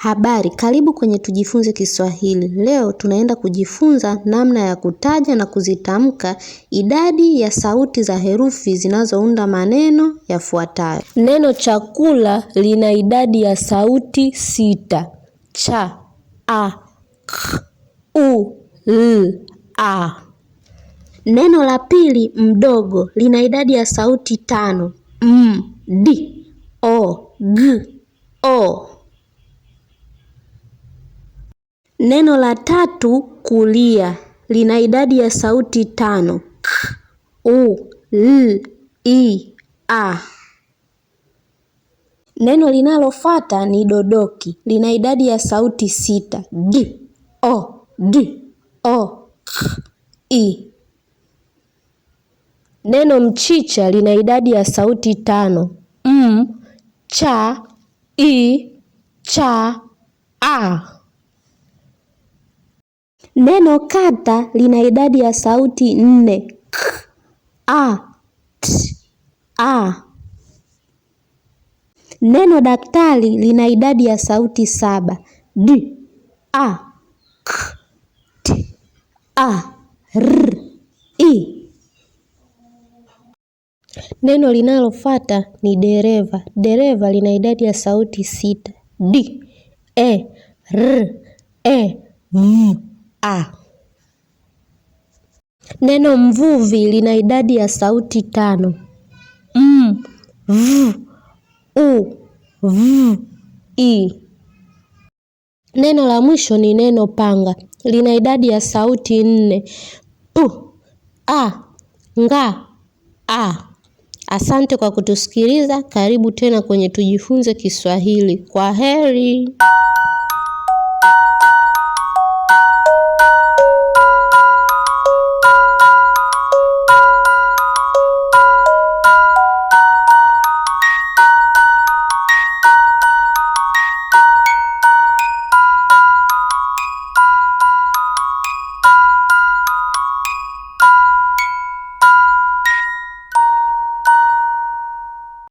Habari, karibu kwenye Tujifunze Kiswahili. Leo tunaenda kujifunza namna ya kutaja na kuzitamka idadi ya sauti za herufi zinazounda maneno yafuatayo. Neno chakula lina idadi ya sauti sita: cha, a, k, u, l, a. Neno la pili, mdogo, lina idadi ya sauti tano: m, d, o, g, o. Neno la tatu kulia lina idadi ya sauti tano: k, u, l, i, a. Neno linalofuata ni dodoki, lina idadi ya sauti sita: d, o, d, o, k, i. Neno mchicha lina idadi ya sauti tano: m, cha, i, cha, a. Neno kata lina idadi ya sauti nne: k, a, t, a. Neno daktari lina idadi ya sauti saba: d, a, k, t, a, r, i. Neno linalofuata ni dereva. Dereva lina idadi ya sauti sita: d, e, r, e, v a. Neno mvuvi lina idadi ya sauti tano: m, v, u, v, i. Neno la mwisho ni neno panga, lina idadi ya sauti nne: p, a, nga, a. Asante kwa kutusikiliza. Karibu tena kwenye Tujifunze Kiswahili. Kwa heri.